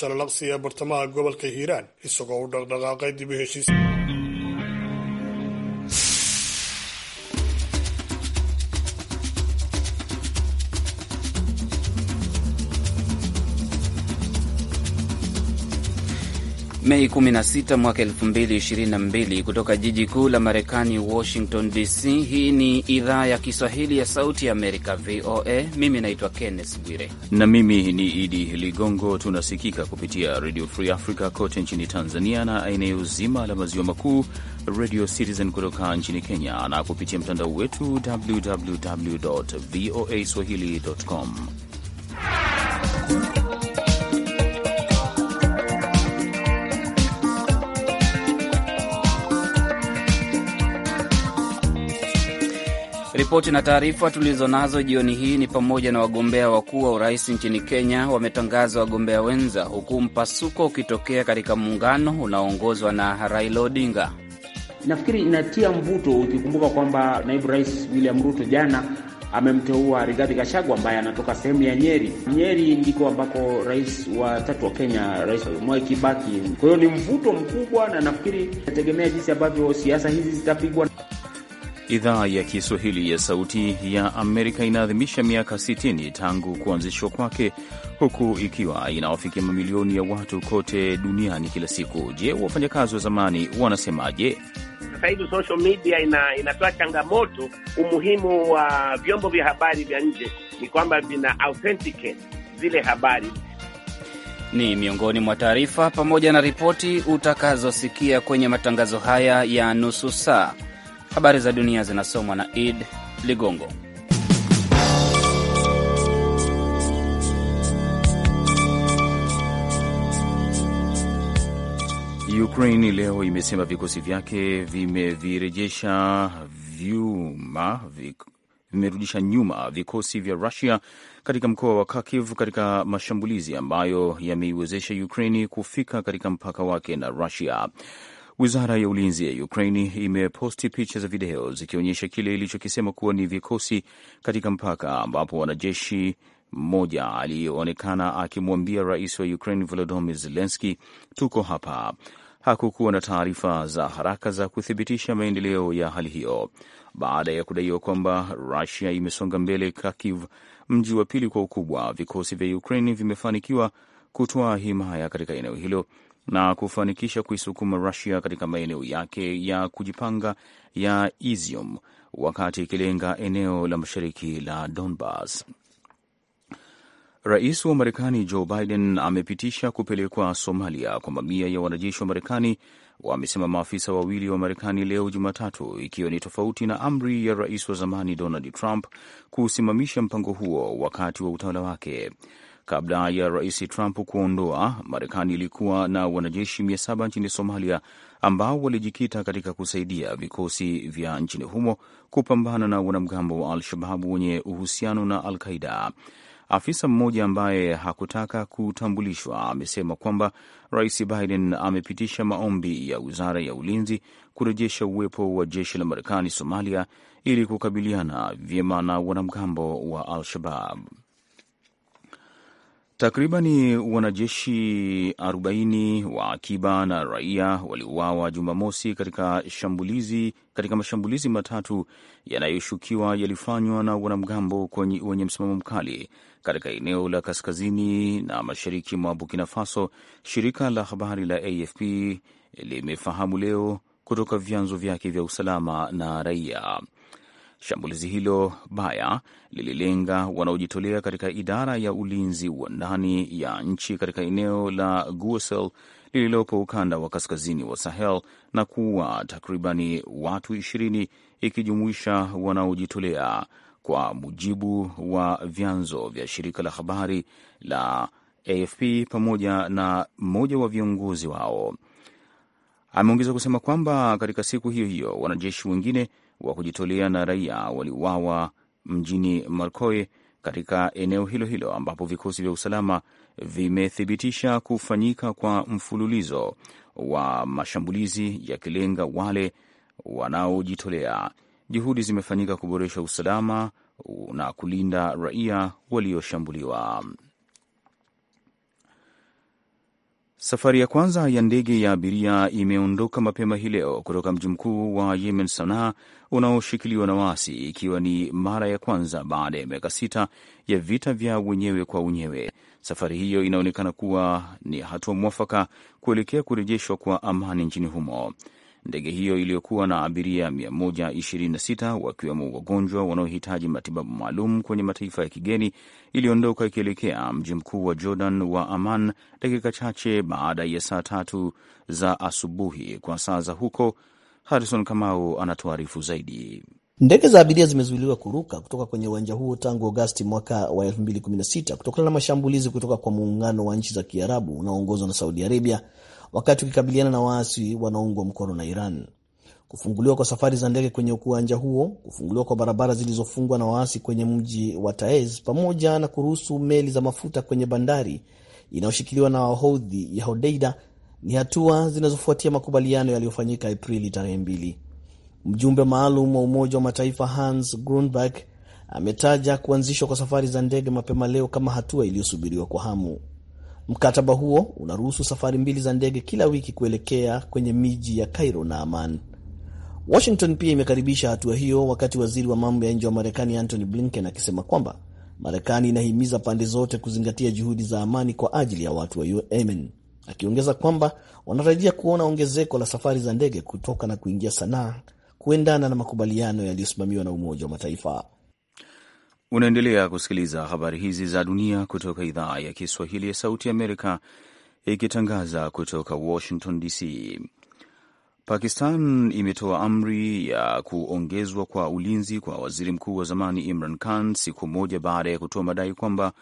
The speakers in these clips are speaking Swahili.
jalalabsi ee bartamaha gobolka hiiraan isagoo u dhaqdhaqaaqay dib u heshiis Mei 16 mwaka 2022 kutoka jiji kuu la Marekani, Washington DC. Hii ni idhaa ya Kiswahili ya Sauti ya Amerika, VOA. Mimi naitwa Kenneth Bwire na mimi ni Idi Ligongo. Tunasikika kupitia Radio Free Africa kote nchini Tanzania na eneo zima la maziwa makuu, Radio Citizen kutoka nchini Kenya na kupitia mtandao wetu www voa swahili.com. Ripoti na taarifa tulizonazo jioni hii ni pamoja na wagombea wakuu wa urais nchini Kenya wametangaza wagombea wenza, huku mpasuko ukitokea katika muungano unaoongozwa na Raila Odinga. Nafikiri inatia mvuto ukikumbuka kwamba naibu rais William Ruto jana amemteua Rigathi Gachagua ambaye anatoka sehemu ya Nyeri. Nyeri ndiko ambako rais wa tatu wa Kenya, Rais Mwai Kibaki. Kwa hiyo ni mvuto mkubwa, na nafikiri inategemea jinsi ambavyo siasa hizi zitapigwa. Idhaa ya Kiswahili ya Sauti ya Amerika inaadhimisha miaka 60 tangu kuanzishwa kwake, huku ikiwa inawafikia mamilioni ya watu kote duniani kila siku. Je, wafanyakazi wa zamani wanasemaje? Sasa hivi social media ina, inatoa changamoto. Umuhimu wa vyombo vya habari vya nje ni kwamba vina authenticate zile habari ni miongoni mwa taarifa pamoja na ripoti utakazosikia kwenye matangazo haya ya nusu saa. Habari za dunia zinasomwa na Id Ligongo. Ukraine leo imesema vikosi vyake vimevirejesha vyuma vik vimerudisha nyuma vikosi vya Rusia katika mkoa wa Kharkiv katika mashambulizi ambayo yameiwezesha Ukraini kufika katika mpaka wake na Rusia. Wizara ya ulinzi ya Ukraini imeposti picha za video zikionyesha kile ilichokisema kuwa ni vikosi katika mpaka, ambapo wanajeshi mmoja aliyeonekana akimwambia rais wa Ukraine Volodymyr Zelensky, tuko hapa. Hakukuwa na taarifa za haraka za kuthibitisha maendeleo ya hali hiyo, baada ya kudaiwa kwamba Rusia imesonga mbele Kharkiv, mji wa pili kwa ukubwa. Vikosi vya Ukraine vimefanikiwa kutoa himaya katika eneo hilo na kufanikisha kuisukuma Rusia katika maeneo yake ya kujipanga ya Izium wakati ikilenga eneo la mashariki la Donbas. Rais wa Marekani Joe Biden amepitisha kupelekwa Somalia kwa mamia ya wanajeshi wa Marekani, wamesema maafisa wawili wa Marekani leo Jumatatu, ikiwa ni tofauti na amri ya rais wa zamani Donald Trump kusimamisha mpango huo wakati wa utawala wake. Kabla ya Rais Trump kuondoa, Marekani ilikuwa na wanajeshi mia saba nchini Somalia ambao walijikita katika kusaidia vikosi vya nchini humo kupambana na wanamgambo wa Al-Shababu wenye uhusiano na Al-Qaida. Afisa mmoja ambaye hakutaka kutambulishwa amesema kwamba Rais Biden amepitisha maombi ya wizara ya ulinzi kurejesha uwepo wa jeshi la Marekani Somalia ili kukabiliana vyema na wanamgambo wa Al-Shabab. Takribani wanajeshi 40 wa akiba na raia waliuawa Jumamosi katika shambulizi, katika mashambulizi matatu yanayoshukiwa yalifanywa na wanamgambo wenye msimamo mkali katika eneo la kaskazini na mashariki mwa Burkina Faso, shirika la habari la AFP limefahamu leo kutoka vyanzo vyake vya usalama na raia. Shambulizi hilo baya lililenga wanaojitolea katika idara ya ulinzi wa ndani ya nchi katika eneo la Gusel lililopo ukanda wa kaskazini wa Sahel na kuua takribani watu ishirini ikijumuisha wanaojitolea, kwa mujibu wa vyanzo vya shirika la habari la AFP pamoja na mmoja wa viongozi wao. Ameongeza kusema kwamba katika siku hiyo hiyo wanajeshi wengine wa kujitolea na raia waliuawa mjini Marcoe katika eneo hilo hilo ambapo vikosi vya usalama vimethibitisha kufanyika kwa mfululizo wa mashambulizi yakilenga wale wanaojitolea. Juhudi zimefanyika kuboresha usalama na kulinda raia walioshambuliwa. Safari ya kwanza ya ndege ya abiria imeondoka mapema hii leo kutoka mji mkuu wa Yemen, Sanaa, unaoshikiliwa na waasi, ikiwa ni mara ya kwanza baada ya miaka sita ya vita vya wenyewe kwa wenyewe. Safari hiyo inaonekana kuwa ni hatua mwafaka kuelekea kurejeshwa kwa amani nchini humo. Ndege hiyo iliyokuwa na abiria 126 wakiwemo wagonjwa wanaohitaji matibabu maalum kwenye mataifa ya kigeni iliondoka ikielekea mji mkuu wa Jordan wa aman dakika chache baada ya saa tatu za asubuhi kwa saa za huko. Harrison Kamau anatuarifu zaidi. Ndege za abiria zimezuiliwa kuruka kutoka kwenye uwanja huo tangu Agosti mwaka wa 2016 kutokana na mashambulizi kutoka kwa muungano wa nchi za Kiarabu unaoongozwa na Saudi Arabia wakati ukikabiliana na waasi wanaoungwa mkono na Iran. Kufunguliwa kwa safari za ndege kwenye uwanja huo, kufunguliwa kwa barabara zilizofungwa na waasi kwenye mji wa Taez, pamoja na kuruhusu meli za mafuta kwenye bandari inayoshikiliwa na wahodhi ya Hodeida ni hatua zinazofuatia makubaliano yaliyofanyika Aprili tarehe mbili. Mjumbe maalum wa Umoja wa Mataifa Hans Grundberg ametaja kuanzishwa kwa safari za ndege mapema leo kama hatua iliyosubiriwa kwa hamu. Mkataba huo unaruhusu safari mbili za ndege kila wiki kuelekea kwenye miji ya Cairo na aman Washington pia imekaribisha hatua hiyo, wakati waziri wa mambo ya nje wa Marekani Antony Blinken akisema kwamba Marekani inahimiza pande zote kuzingatia juhudi za amani kwa ajili ya watu wa Yemen, akiongeza kwamba wanatarajia kuona ongezeko la safari za ndege kutoka na kuingia Sanaa kuendana na makubaliano yaliyosimamiwa na Umoja wa Mataifa. Unaendelea kusikiliza habari hizi za dunia kutoka idhaa ya Kiswahili ya Sauti Amerika ikitangaza kutoka Washington DC. Pakistan imetoa amri ya kuongezwa kwa ulinzi kwa waziri mkuu wa zamani Imran Khan siku moja baada ya kutoa madai kwamba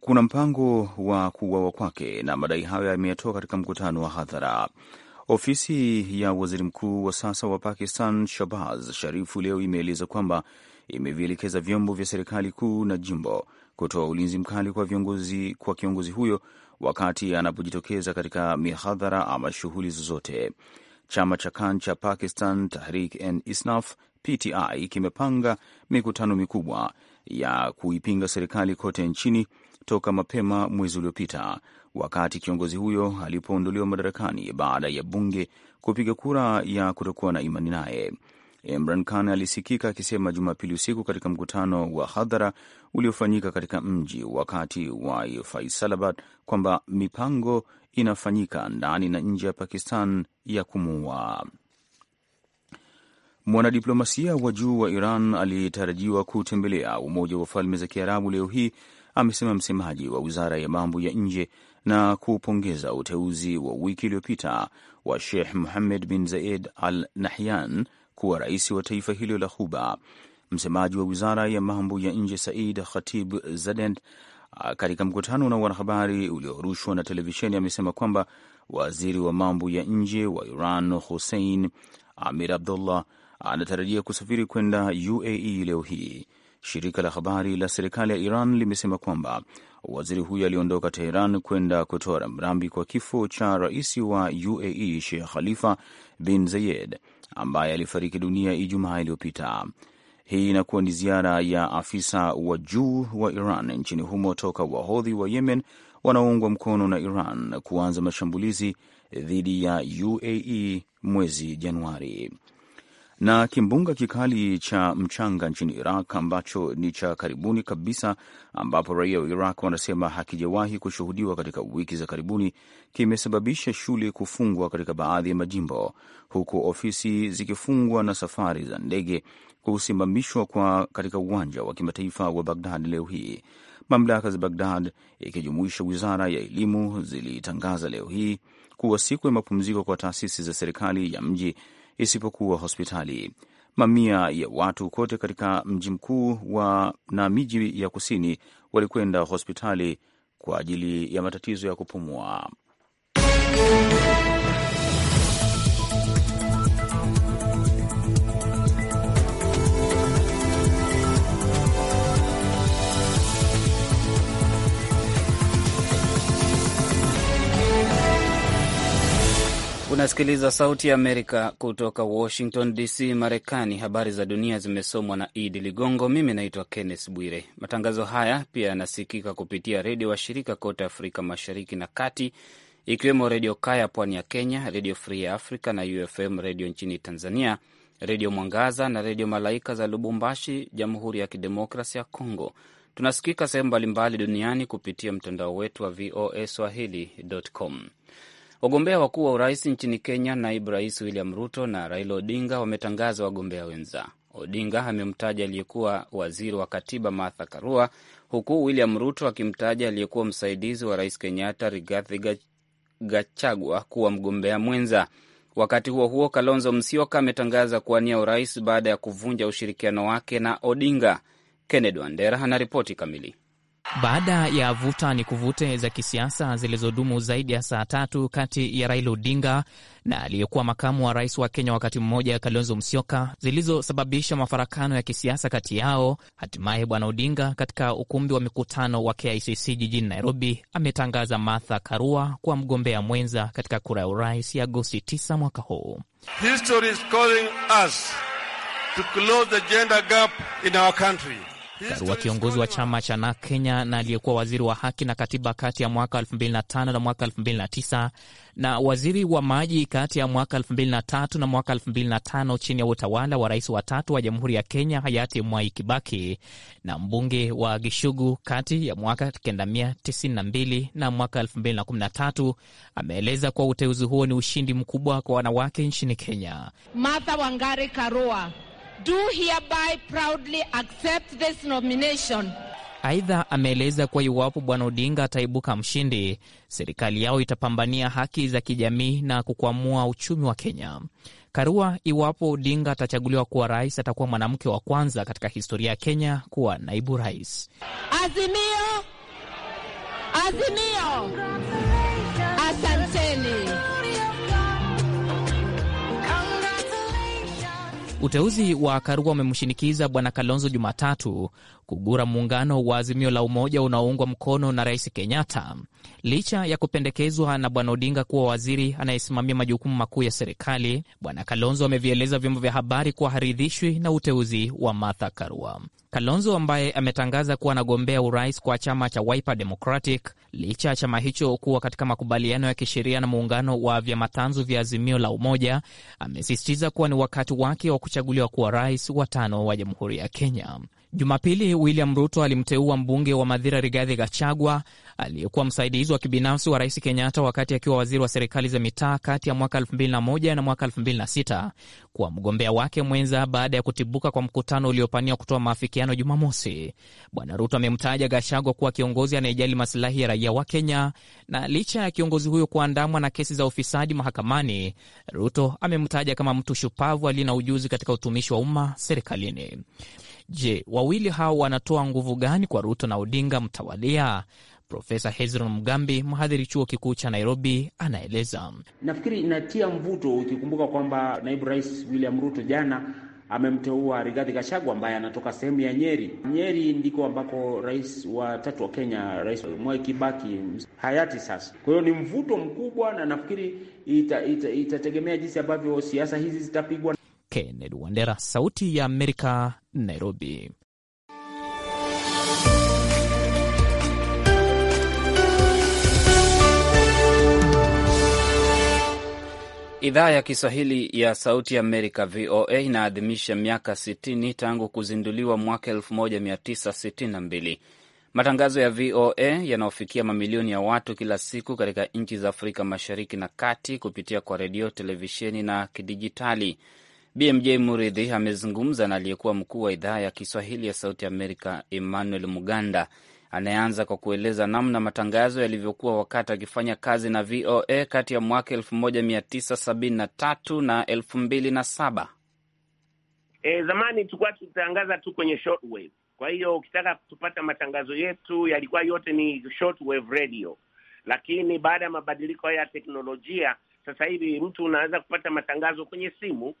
kuna mpango wa kuuawa kwake, na madai hayo yameyatoa katika mkutano wa hadhara. Ofisi ya waziri mkuu wa sasa wa Pakistan Shahbaz Sharifu leo imeeleza kwamba imevielekeza vyombo vya serikali kuu na jimbo kutoa ulinzi mkali kwa viongozi, kwa kiongozi huyo wakati anapojitokeza katika mihadhara ama shughuli zozote. Chama cha KAN cha Pakistan tahrik n Isnaf PTI kimepanga mikutano mikubwa ya kuipinga serikali kote nchini toka mapema mwezi uliopita, wakati kiongozi huyo alipoondoliwa madarakani baada ya bunge kupiga kura ya kutokuwa na imani naye. Imran Khan alisikika akisema Jumapili usiku katika mkutano wa hadhara uliofanyika katika mji wakati wa Faisalabad kwamba mipango inafanyika ndani na nje ya Pakistan ya kumuua. Mwanadiplomasia wa juu wa Iran aliyetarajiwa kutembelea Umoja wa Falme za Kiarabu leo hii amesema msemaji wa wizara ya mambo ya nje na kupongeza uteuzi wa wiki iliyopita wa Sheikh muhamed bin Zayed Al Nahyan kuwa rais wa taifa hilo la huba Msemaji wa wizara ya mambo ya nje Said Khatib Zadent, ah, katika mkutano na wanahabari uliorushwa na televisheni, amesema kwamba waziri wa mambo ya nje wa Iran Hussein Amir Abdullah anatarajia kusafiri kwenda UAE leo hii. Shirika la habari la serikali ya Iran limesema kwamba waziri huyo aliondoka Teheran kwenda kutoa rambirambi kwa kifo cha rais wa UAE Sheikh Khalifa bin Zayed ambaye alifariki dunia Ijumaa iliyopita. Hii inakuwa ni ziara ya afisa wa juu wa Iran nchini humo toka wahodhi wa Yemen wanaoungwa mkono na Iran kuanza mashambulizi dhidi ya UAE mwezi Januari. Na kimbunga kikali cha mchanga nchini Iraq ambacho ni cha karibuni kabisa, ambapo raia wa Iraq wanasema hakijawahi kushuhudiwa katika wiki za karibuni, kimesababisha shule kufungwa katika baadhi ya majimbo, huku ofisi zikifungwa na safari za ndege kusimamishwa kwa katika uwanja wa kimataifa wa Bagdad leo hii. Mamlaka za Bagdad ikijumuisha wizara ya elimu zilitangaza leo hii kuwa siku ya mapumziko kwa taasisi za serikali ya mji isipokuwa hospitali. Mamia ya watu kote katika mji mkuu wa na miji ya kusini walikwenda hospitali kwa ajili ya matatizo ya kupumua. Unasikiliza Sauti ya Amerika kutoka Washington DC, Marekani. Habari za dunia zimesomwa na Idi Ligongo. Mimi naitwa Kenneth Bwire. Matangazo haya pia yanasikika kupitia redio washirika kote Afrika Mashariki na Kati, ikiwemo Redio Kaya pwani ya Kenya, Redio Free ya Africa na UFM Redio nchini Tanzania, Redio Mwangaza na Redio Malaika za Lubumbashi, Jamhuri ya Kidemokrasi ya Congo. Tunasikika sehemu mbalimbali duniani kupitia mtandao wetu wa VOA swahili.com. Wagombea wakuu wa urais nchini Kenya, naibu rais William Ruto na Raila Odinga wametangaza wagombea wenza. Odinga amemtaja aliyekuwa waziri wa katiba Martha Karua, huku William Ruto akimtaja aliyekuwa msaidizi wa rais Kenyatta Rigathi Gachagua kuwa mgombea mwenza. Wakati huo huo, Kalonzo Musyoka ametangaza kuwania urais baada ya kuvunja ushirikiano wake na Odinga. Kennedy Wandera anaripoti kamili. Baada ya vuta ni kuvute za kisiasa zilizodumu zaidi ya saa tatu kati ya Raila Odinga na aliyekuwa makamu wa rais wa Kenya wakati mmoja Kalonzo Musyoka, zilizosababisha mafarakano ya kisiasa kati yao, hatimaye Bwana Odinga katika ukumbi wa mikutano wa KICC jijini Nairobi ametangaza Martha Karua kuwa mgombea mwenza katika kura ya urais ya Agosti 9 mwaka huu. History is calling us to close the gender gap in our country. Karua, kiongozi wa chama cha na Kenya na aliyekuwa waziri wa haki na katiba kati ya mwaka 2005 na mwaka 2009 na waziri wa maji kati ya mwaka 2003 na mwaka 2005 chini ya utawala wa rais wa tatu wa Jamhuri ya Kenya hayati Mwai Kibaki na mbunge wa Gishugu kati ya mwaka 1992 na mwaka 2013 ameeleza kuwa uteuzi huo ni ushindi mkubwa kwa wanawake nchini Kenya. Martha Wangari Karua do hereby proudly accept this nomination. Aidha, ameeleza kuwa iwapo Bwana Odinga ataibuka mshindi, serikali yao itapambania haki za kijamii na kukwamua uchumi wa Kenya. Karua, iwapo Odinga atachaguliwa kuwa rais, atakuwa mwanamke wa kwanza katika historia ya Kenya kuwa naibu rais. Azimio, azimio. Uteuzi wa Karua umemshinikiza Bwana Kalonzo Jumatatu kugura muungano wa Azimio la Umoja unaoungwa mkono na Rais Kenyatta licha ya kupendekezwa na Bwana Odinga kuwa waziri anayesimamia majukumu makuu ya serikali. Bwana Kalonzo amevieleza vyombo vya habari kuwa haridhishwi na uteuzi wa Martha Karua. Kalonzo ambaye ametangaza kuwa anagombea urais kwa chama cha Wiper Democratic licha ya chama hicho kuwa katika makubaliano ya kisheria na muungano wa vyama tanzu vya Azimio la Umoja, amesisitiza kuwa ni wakati wake wa kuchaguliwa kuwa rais wa tano wa Jamhuri ya Kenya. Jumapili, William Ruto alimteua mbunge wa Madhira Rigathi Gachagua aliyekuwa msaidizi wa kibinafsi wa rais Kenyatta wakati akiwa waziri wa serikali za mitaa kati ya mwaka 2001 na mwaka 2006 kuwa mgombea wake mwenza baada ya kutibuka kwa mkutano uliopania kutoa maafikiano Jumamosi. Bwana Ruto amemtaja gashagwa kuwa kiongozi anayejali masilahi ya raia wa Kenya, na licha ya kiongozi huyo kuandamwa na kesi za ufisadi mahakamani, Ruto amemtaja kama mtu shupavu aliye na ujuzi katika utumishi wa umma serikalini. Je, wawili hao wanatoa nguvu gani kwa Ruto na Odinga mtawalia? Profesa Hezron Mgambi, mhadhiri chuo kikuu cha Nairobi, anaeleza. Nafikiri inatia mvuto ukikumbuka kwamba naibu rais William Ruto jana amemteua Rigathi Gachagua ambaye anatoka sehemu ya Nyeri. Nyeri ndiko ambako rais wa tatu wa Kenya, Rais Mwai Kibaki hayati sasa. Kwa hiyo ni mvuto mkubwa, na nafikiri itategemea ita, ita jinsi ambavyo siasa hizi zitapigwa. Kennedy Wandera, Sauti ya Amerika, Nairobi. Idhaa ya Kiswahili ya Sauti ya Amerika, VOA, inaadhimisha miaka 60 tangu kuzinduliwa mwaka 1962. Matangazo ya VOA yanaofikia mamilioni ya watu kila siku katika nchi za Afrika Mashariki na Kati kupitia kwa redio, televisheni na kidijitali. BMJ Muridhi amezungumza na aliyekuwa mkuu wa idhaa ya Kiswahili ya Sauti Amerika, Emmanuel Muganda, anayeanza kwa kueleza namna matangazo yalivyokuwa wakati akifanya kazi na VOA kati ya mwaka 1973 na 2007. E, zamani tulikuwa tutangaza tu kwenye shortwave. Kwa hiyo ukitaka kupata matangazo yetu yalikuwa yote ni shortwave radio, lakini baada ya mabadiliko haya ya teknolojia, sasa hivi mtu unaweza kupata matangazo kwenye simu,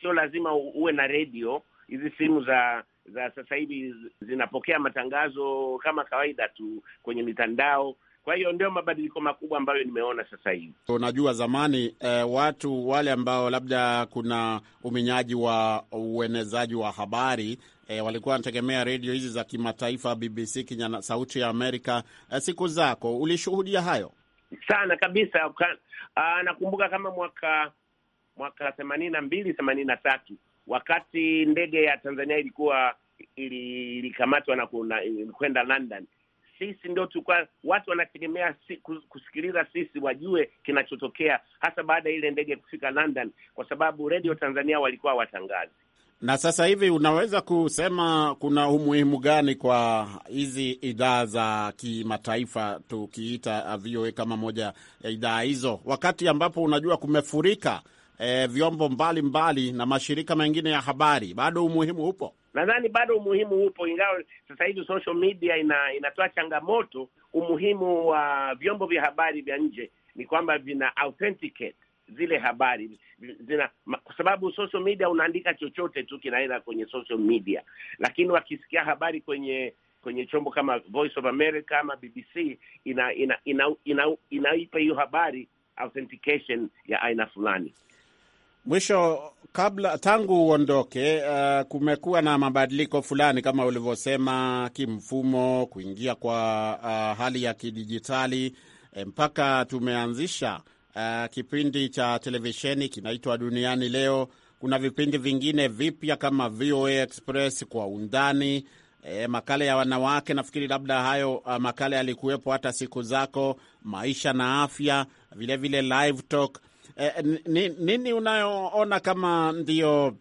sio lazima uwe na redio Hizi simu za za sasa hivi zinapokea matangazo kama kawaida tu kwenye mitandao. Kwa hiyo ndio mabadiliko makubwa ambayo nimeona sasa hivi. Unajua zamani eh, watu wale ambao labda kuna uminyaji wa uenezaji wa habari E, walikuwa wanategemea redio hizi za kimataifa BBC, na Sauti ya Amerika. E, siku zako ulishuhudia hayo sana kabisa. Ah, nakumbuka kama mwaka mwaka themanini na mbili themanini na tatu wakati ndege ya Tanzania ilikuwa ilikamatwa na kwenda London, sisi ndio tulikuwa watu wanategemea si, kusikiliza sisi wajue kinachotokea hasa baada ya ile ndege kufika London, kwa sababu redio Tanzania walikuwa watangazi. Na sasa hivi unaweza kusema kuna umuhimu gani kwa hizi idhaa za kimataifa, tukiita VOA kama moja ya idhaa hizo, wakati ambapo unajua kumefurika e, vyombo mbalimbali mbali na mashirika mengine ya habari, bado umuhimu upo? Nadhani bado umuhimu upo, ingawa sasa hivi social media ina, inatoa changamoto. Umuhimu wa uh, vyombo vya habari vya nje ni kwamba vina authenticate zile habari zina, kwa sababu social media unaandika chochote tu kinaenda kwenye social media, lakini wakisikia habari kwenye kwenye chombo kama Voice of America ama BBC inaipa ina, ina, ina, ina hiyo habari authentication ya aina fulani. Mwisho, kabla tangu uondoke, uh, kumekuwa na mabadiliko fulani kama ulivyosema, kimfumo, kuingia kwa uh, hali ya kidijitali eh, mpaka tumeanzisha uh, kipindi cha televisheni kinaitwa Duniani Leo. Kuna vipindi vingine vipya kama VOA Express, kwa undani E, makala ya wanawake. Nafikiri labda hayo makala yalikuwepo hata siku zako, maisha na afya, vilevile live talk. Eh, ni, nini, unayoona kama ndio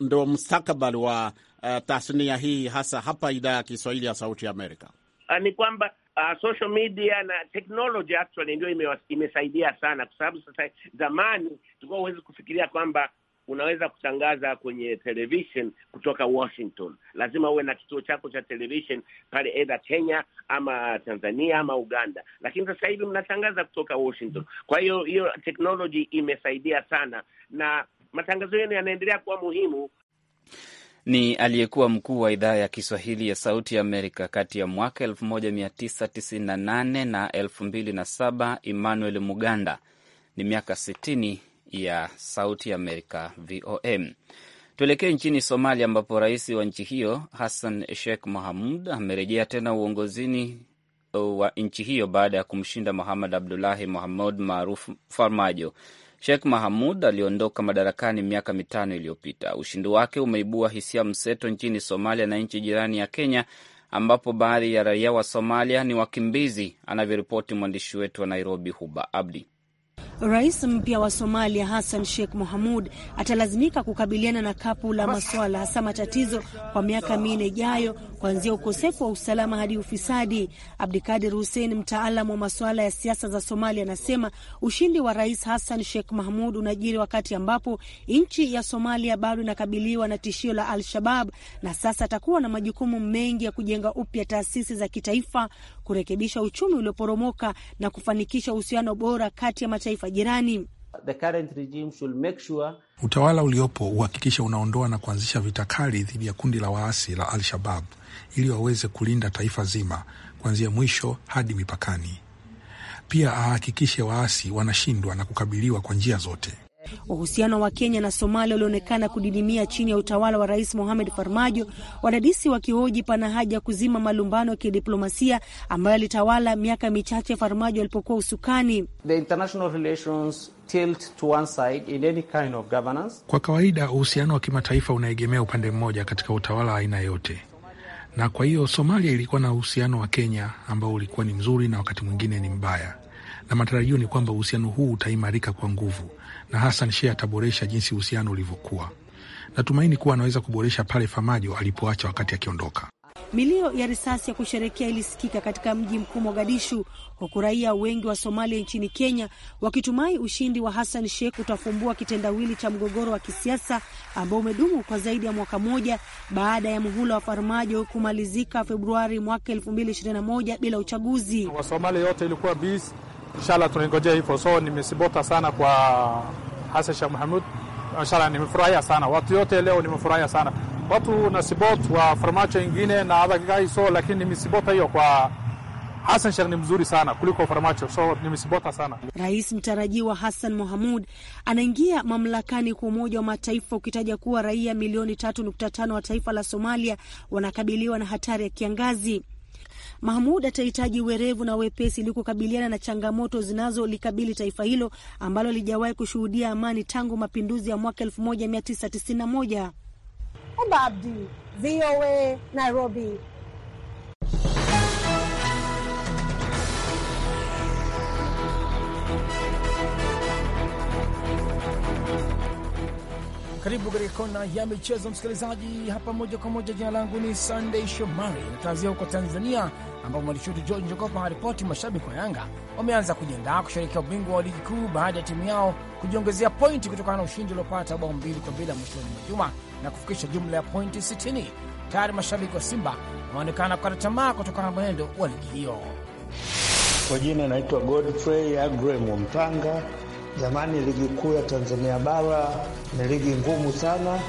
ndio mustakabali wa uh, tasnia hii hasa hapa idhaa ya Kiswahili ya Sauti ya Amerika? Uh, ni kwamba uh, social media na technology actually ndio imesaidia sana, kwa sababu sasa, zamani tulikuwa huwezi kufikiria kwamba unaweza kutangaza kwenye television kutoka Washington. Lazima uwe na kituo chako cha television pale, edha Kenya ama Tanzania ama Uganda, lakini sasa hivi mnatangaza kutoka Washington. Kwa hiyo hiyo teknoloji imesaidia sana, na matangazo yenu yanaendelea kuwa muhimu. Ni aliyekuwa mkuu wa idhaa ya Kiswahili ya Sauti ya Amerika kati ya mwaka 1998 na 2007, Emmanuel Muganda. Ni miaka 60 ya Sauti Amerika, VOM. Tuelekee nchini Somalia, ambapo rais wa nchi hiyo Hassan Sheikh Mohamud amerejea tena uongozini uh, wa nchi hiyo baada ya kumshinda Muhamad Abdulahi Mohamud maarufu Farmajo. Sheikh Mahamud aliondoka madarakani miaka mitano iliyopita. Ushindi wake umeibua hisia mseto nchini Somalia na nchi jirani ya Kenya, ambapo baadhi ya raia wa Somalia ni wakimbizi, anavyoripoti mwandishi wetu wa Nairobi, Huba Abdi. Rais mpya wa Somalia Hassan Sheikh Mohamud atalazimika kukabiliana na kapu la maswala hasa matatizo kwa miaka minne ijayo, kuanzia ukosefu wa usalama hadi ufisadi. Abdikadir Hussein, mtaalamu wa masuala ya siasa za Somalia, anasema ushindi wa Rais Hassan Sheikh Mahmud unajiri wakati ambapo nchi ya Somalia bado inakabiliwa na tishio la Al-Shabab, na sasa atakuwa na majukumu mengi ya kujenga upya taasisi za kitaifa, kurekebisha uchumi ulioporomoka na kufanikisha uhusiano bora kati ya mataifa mataifa jirani. The current regime should make sure... utawala uliopo uhakikisha unaondoa na kuanzisha vita kali dhidi ya kundi la waasi la Al-Shabab ili waweze kulinda taifa zima kuanzia mwisho hadi mipakani. Pia ahakikishe waasi wanashindwa na kukabiliwa kwa njia zote. Uhusiano wa Kenya na Somalia ulionekana kudidimia chini ya utawala wa Rais Mohamed Farmajo, wadadisi wakihoji pana haja ya kuzima malumbano ya kidiplomasia ambayo alitawala miaka michache Farmajo alipokuwa usukani. The international relations tilt to one side in any kind of governance. Kwa kawaida uhusiano wa kimataifa unaegemea upande mmoja katika utawala wa aina yote na kwa hiyo Somalia ilikuwa na uhusiano wa Kenya ambao ulikuwa ni mzuri na wakati mwingine ni mbaya na matarajio ni kwamba uhusiano huu utaimarika kwa nguvu, na Hassan Sheikh ataboresha jinsi uhusiano ulivyokuwa. Natumaini kuwa anaweza kuboresha pale Famajo alipoacha wakati akiondoka. Milio ya risasi ya kusherekea ilisikika katika mji mkuu Mogadishu, huku raia wengi wa Somalia nchini Kenya wakitumai ushindi wa Hassan Sheikh utafumbua kitendawili cha mgogoro wa kisiasa ambao umedumu kwa zaidi ya mwaka moja baada ya muhula wa Farmajo kumalizika Februari mwaka 2021 bila uchaguzi. Wasomalia yote ilikuwa bis Inshallah tunaingojea hivyo, so nimesibota sana kwa Hassan Sheikh Mohamud. Inshallah nimefurahia sana watu yote leo, nimefurahia sana watu na sibot wa farmacho ingine na adhagai, so lakini nimesibota hiyo kwa Hassan Sheikh ni mzuri sana kuliko Farmacho, so nimesibota sana. Rais mtarajiwa Hassan Mohamud anaingia mamlakani kwa Umoja wa Mataifa ukitaja kuwa raia milioni 3.5 wa taifa la Somalia wanakabiliwa na hatari ya kiangazi. Mahmud atahitaji uwerevu na wepesi ili kukabiliana na changamoto zinazolikabili taifa hilo ambalo lijawahi kushuhudia amani tangu mapinduzi ya mwaka 1991. Omba Abdi, VOA, Nairobi. Karibu katika kona ya michezo, msikilizaji, hapa moja kwa moja. Jina langu ni Sunday Shomari. Nataanzia huko Tanzania, ambapo mwandishi wetu George Njogopa aripoti mashabiki wa Yanga wameanza kujiandaa kusherekea ubingwa wa ligi kuu baada ya timu yao kujiongezea pointi kutokana na ushindi uliopata bao mbili kwa bila mwishoni mwa juma na kufikisha jumla ya pointi 60. Tayari mashabiki wa Simba wameonekana kukata tamaa kutokana na mwenendo wa ligi hiyo. Kwa jina naitwa Godfrey Agremo Mpanga zamani ligi kuu ya Tanzania bara ni ligi ngumu sana,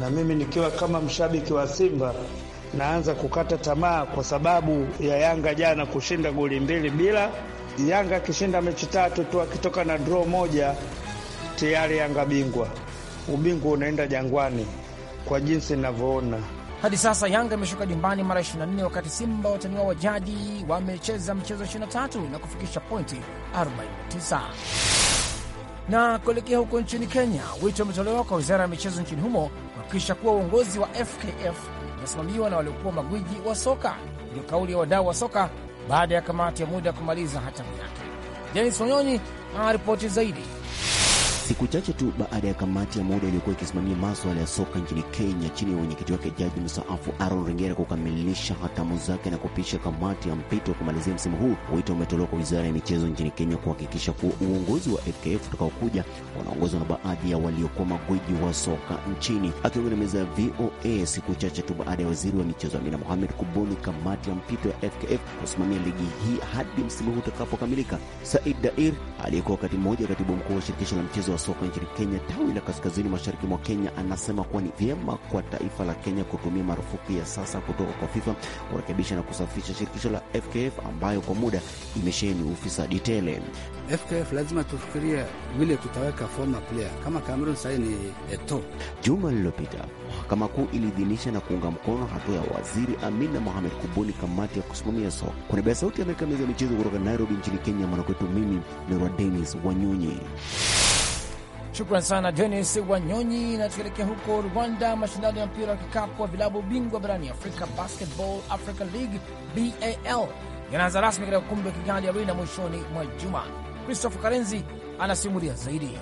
na mimi nikiwa kama mshabiki wa Simba naanza kukata tamaa kwa sababu ya Yanga jana kushinda goli mbili bila. Yanga akishinda mechi tatu tu akitoka na draw moja tayari Yanga bingwa, ubingwa unaenda Jangwani kwa jinsi ninavyoona. Hadi sasa Yanga imeshuka nyumbani mara 24 wakati Simba watani wa jadi wamecheza mchezo 23 na kufikisha pointi 49. Na kuelekea huko nchini Kenya, wito umetolewa kwa wizara ya michezo nchini humo kuhakikisha kuwa uongozi wa FKF unasimamiwa na waliokuwa magwiji wa soka. Ndio kauli ya wadau wa soka baada ya kamati ya muda kumaliza hatamu yake. Denis Wanyonyi ana ripoti zaidi. Siku chache tu baada ya kamati ya muda iliyokuwa ikisimamia maswala ya soka nchini Kenya chini ya wenyekiti wake Jaji msaafu Aaron Ringera kukamilisha hatamu zake na kupisha kamati ya mpito kumalizia msimu huu, wito umetolewa kwa wizara ya michezo nchini Kenya kuhakikisha kuwa uongozi wa FKF utakaokuja unaongozwa na baadhi ya waliokuwa magwiji wa soka nchini. Akiongea na meza ya VOA siku chache tu baada ya waziri wa michezo Amina Mohamed kubuni kamati ya mpito ya FKF kusimamia ligi hii hadi msimu huu utakapokamilika, Said Dair aliyekuwa wakati mmoja katibu mkuu wa shirikisho la mchezo wa soka nchini Kenya, tawi la kaskazini mashariki mwa Kenya, anasema kuwa ni vyema kwa taifa la Kenya kutumia marufuku ya sasa kutoka kwa FIFA kurekebisha na kusafisha shirikisho la FKF ambayo kwa muda imesheheni ufisadi tele. FKF lazima tufikirie vile tutaweka former player kama Cameroon sahi ni eto. Juma lililopita mahakama kuu iliidhinisha na kuunga mkono hatua ya waziri Amina Mohamed kubuni kamati ya kusimamia soka. Kunabea Sauti ya Amerika, meza ya michezo kutoka Nairobi nchini Kenya. Mwanakwetu mimi ni Rwa Denis Wanyonyi. Shukran sana Denis Wanyonyi. Na huko Rwanda, mashindano ya mpira wa kikapu wa vilabu bingwa barani Afrika, Basketball Africa League BAL, yanaanza rasmi katika ukumbi wa Kigali Arena mwishoni mwa juma. Christopher Karenzi anasimulia zaidi.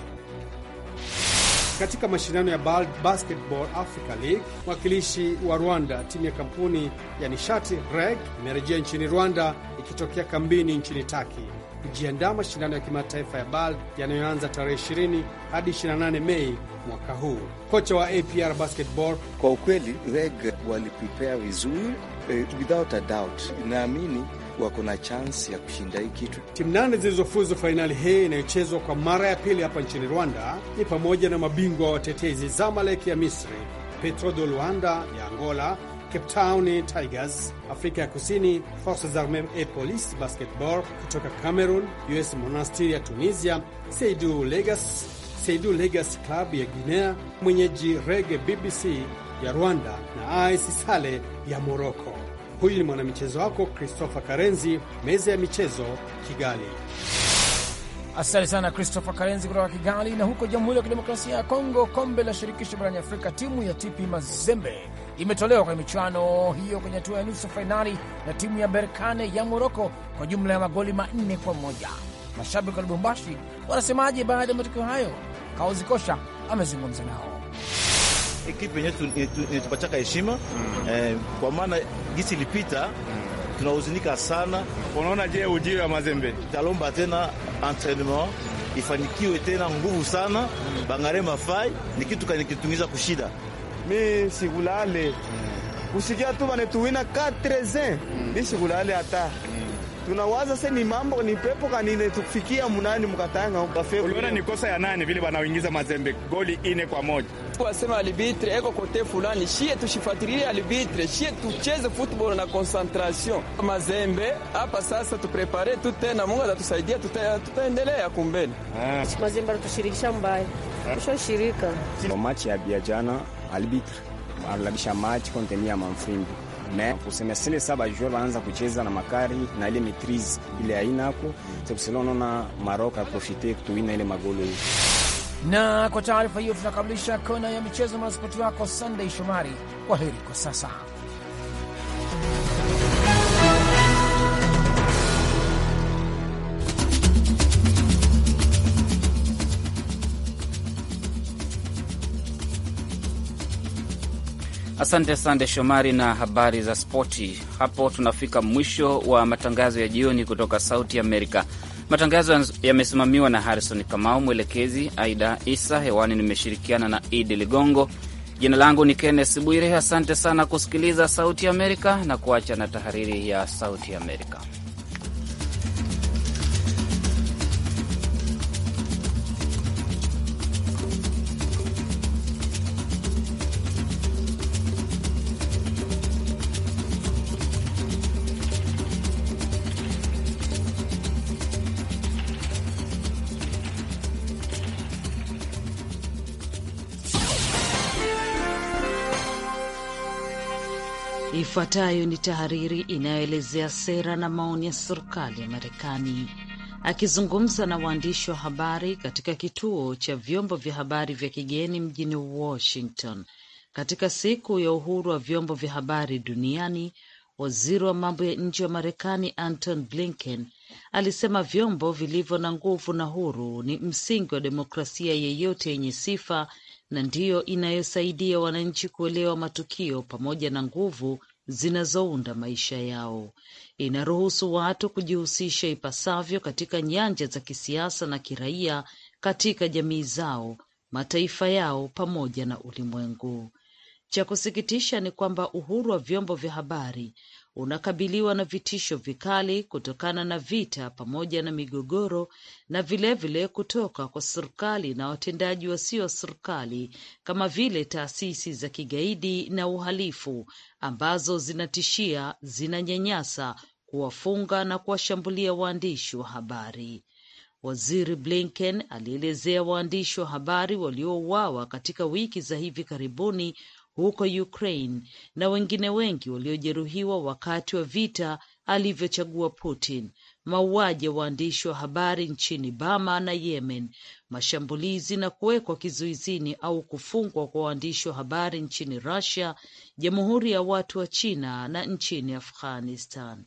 Katika mashindano ya Basketball Africa League, mwakilishi wa Rwanda, timu ya kampuni ya nishati REG imerejea nchini Rwanda ikitokea kambini nchini Taki kujiandaa mashindano ya kimataifa ya BAL yanayoanza tarehe 20 hadi 28 Mei mwaka huu. Kocha wa APR basketball: kwa ukweli reg walipipea vizuri eh, without a doubt, naamini wako na chansi ya kushinda hii kitu. Timu nane zilizofuzu fainali hii inayochezwa kwa mara ya pili hapa nchini Rwanda ni pamoja na mabingwa wa watetezi Zamalek ya Misri, Petro de Luanda ya Angola, Cape Town Tigers, Afrika ya Kusini Forces Armee et Police Basketball kutoka Cameroon, US Monastir ya Tunisia, Seidu Legas, Seidu Legas Club ya Guinea, mwenyeji Rege BBC ya Rwanda na AS Sale ya moroco Huyu ni mwanamichezo wako Christopher Karenzi, meza ya michezo Kigali. Asante sana Christopher Karenzi kutoka Kigali. Na huko Jamhuri ya Kidemokrasia ya Kongo, kombe la shirikisho barani Afrika, timu ya TP Mazembe imetolewa kwenye michuano hiyo kwenye hatua ya nusu fainali na timu ya Berkane ya Moroko kwa jumla ya magoli manne kwa moja. Mashabiki wa Lubumbashi wanasemaje baada ya matokeo hayo? Kaozi Kosha amezungumza nao. Ekipi yenyewe inatupachaka heshima mm. Eh, kwa maana gisi ilipita mm. Tunahuzunika sana. Unaona, je, ujio wa Mazembe talomba tena entrainement mm. ifanikiwe tena nguvu sana, mm. bangare mafai ni kitu kanikitungiza kushida mi sikulale kusikia mm. tu vanetuwina 4 mm. mi sikulale hata mm. tunawaza se ni mambo ni pepo kanine tukufikia munani mukatanga kafe. Uliona ni kosa ya nani vile wanaoingiza Mazembe goli ine kwa moja? Wasema alibitre eko kote fulani, shie tushifatilie alibitre, shie tucheze football na concentration. Mazembe hapa sasa tuprepare tu tena, Mungu atatusaidia tutaendelea kumbele. Ah. Mazembe anatushirikisha mbaya. Ah. Tushoshirika. Machi ya biajana arbitre alabisha match contre mia Manfrimbi me kusema sele saba joueur wanaanza kucheza na makari na ile maitrise ile ainako sekusela, unaona Maroc aprofite kutuwina ile magolo hiyo. Na kwa taarifa hiyo tunakamilisha kona ya michezo na spoti wako Sunday Shomari. Kwa heri kwa sasa. Asante sande Shomari na habari za spoti. Hapo tunafika mwisho wa matangazo ya jioni kutoka Sauti Amerika. Matangazo yamesimamiwa na Harrison Kamau, mwelekezi Aida Isa. Hewani nimeshirikiana na Idi Ligongo. Jina langu ni Kennes Bwire. Asante sana kusikiliza Sauti Amerika na kuacha na tahariri ya Sauti Amerika. Ifuatayo ni tahariri inayoelezea sera na maoni ya serikali ya Marekani. Akizungumza na waandishi wa habari katika kituo cha vyombo vya habari vya kigeni mjini Washington katika siku ya uhuru wa vyombo vya habari duniani, waziri wa mambo ya nje wa Marekani Anton Blinken alisema vyombo vilivyo na nguvu na huru ni msingi wa demokrasia yeyote yenye sifa na ndiyo inayosaidia wananchi kuelewa matukio pamoja na nguvu zinazounda maisha yao. Inaruhusu watu kujihusisha ipasavyo katika nyanja za kisiasa na kiraia katika jamii zao, mataifa yao pamoja na ulimwengu. Cha kusikitisha ni kwamba uhuru wa vyombo vya habari unakabiliwa na vitisho vikali kutokana na vita pamoja na migogoro na vilevile kutoka kwa serikali na watendaji wasio serikali kama vile taasisi za kigaidi na uhalifu ambazo zinatishia, zinanyanyasa, kuwafunga na kuwashambulia waandishi wa habari. Waziri Blinken alielezea waandishi wa habari waliouawa katika wiki za hivi karibuni huko Ukraine na wengine wengi waliojeruhiwa wakati wa vita alivyochagua Putin, mauaji ya waandishi wa habari nchini bama na Yemen, mashambulizi na kuwekwa kizuizini au kufungwa kwa waandishi wa habari nchini Russia, Jamhuri ya Watu wa China na nchini Afghanistan.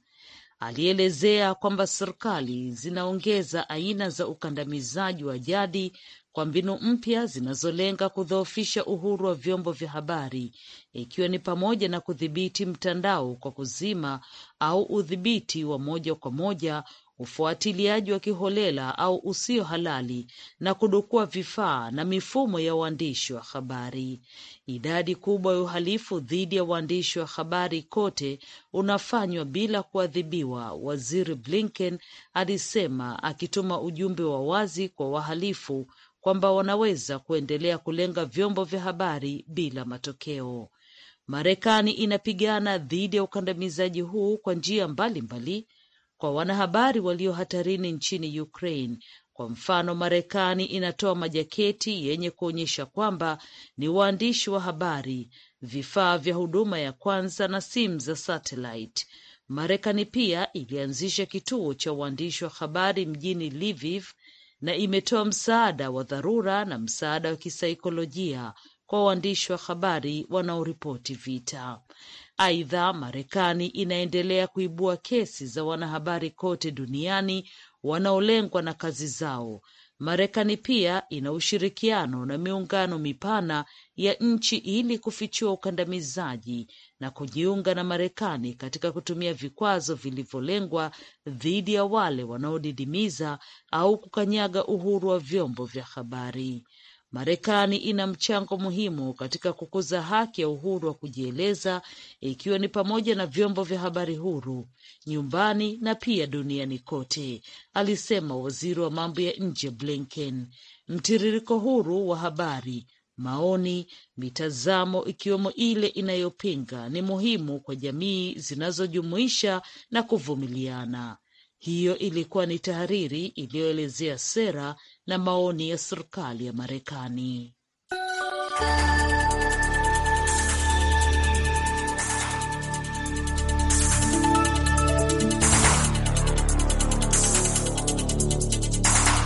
Alielezea kwamba serikali zinaongeza aina za ukandamizaji wa jadi kwa mbinu mpya zinazolenga kudhoofisha uhuru wa vyombo vya habari, ikiwa ni pamoja na kudhibiti mtandao kwa kuzima au udhibiti wa moja kwa moja, ufuatiliaji wa kiholela au usio halali, na kudukua vifaa na mifumo ya waandishi wa habari. Idadi kubwa ya uhalifu dhidi ya waandishi wa habari kote unafanywa bila kuadhibiwa, Waziri Blinken alisema, akituma ujumbe wa wazi kwa wahalifu kwamba wanaweza kuendelea kulenga vyombo vya habari bila matokeo. Marekani inapigana dhidi ya ukandamizaji huu kwa njia mbalimbali kwa wanahabari walio hatarini nchini Ukraine. Kwa mfano, Marekani inatoa majaketi yenye kuonyesha kwamba ni waandishi wa habari, vifaa vya huduma ya kwanza na simu za satellite. Marekani pia ilianzisha kituo cha uandishi wa habari mjini Lviv na imetoa msaada wa dharura na msaada wa kisaikolojia kwa waandishi wa habari wanaoripoti vita. Aidha, Marekani inaendelea kuibua kesi za wanahabari kote duniani wanaolengwa na kazi zao Marekani pia ina ushirikiano na miungano mipana ya nchi ili kufichua ukandamizaji na kujiunga na Marekani katika kutumia vikwazo vilivyolengwa dhidi ya wale wanaodidimiza au kukanyaga uhuru wa vyombo vya habari. Marekani ina mchango muhimu katika kukuza haki ya uhuru wa kujieleza, ikiwa ni pamoja na vyombo vya habari huru nyumbani na pia duniani kote, alisema waziri wa mambo ya nje Blinken. Mtiririko huru wa habari maoni, mitazamo ikiwemo ile inayopinga ni muhimu kwa jamii zinazojumuisha na kuvumiliana. Hiyo ilikuwa ni tahariri iliyoelezea sera na maoni ya serikali ya Marekani.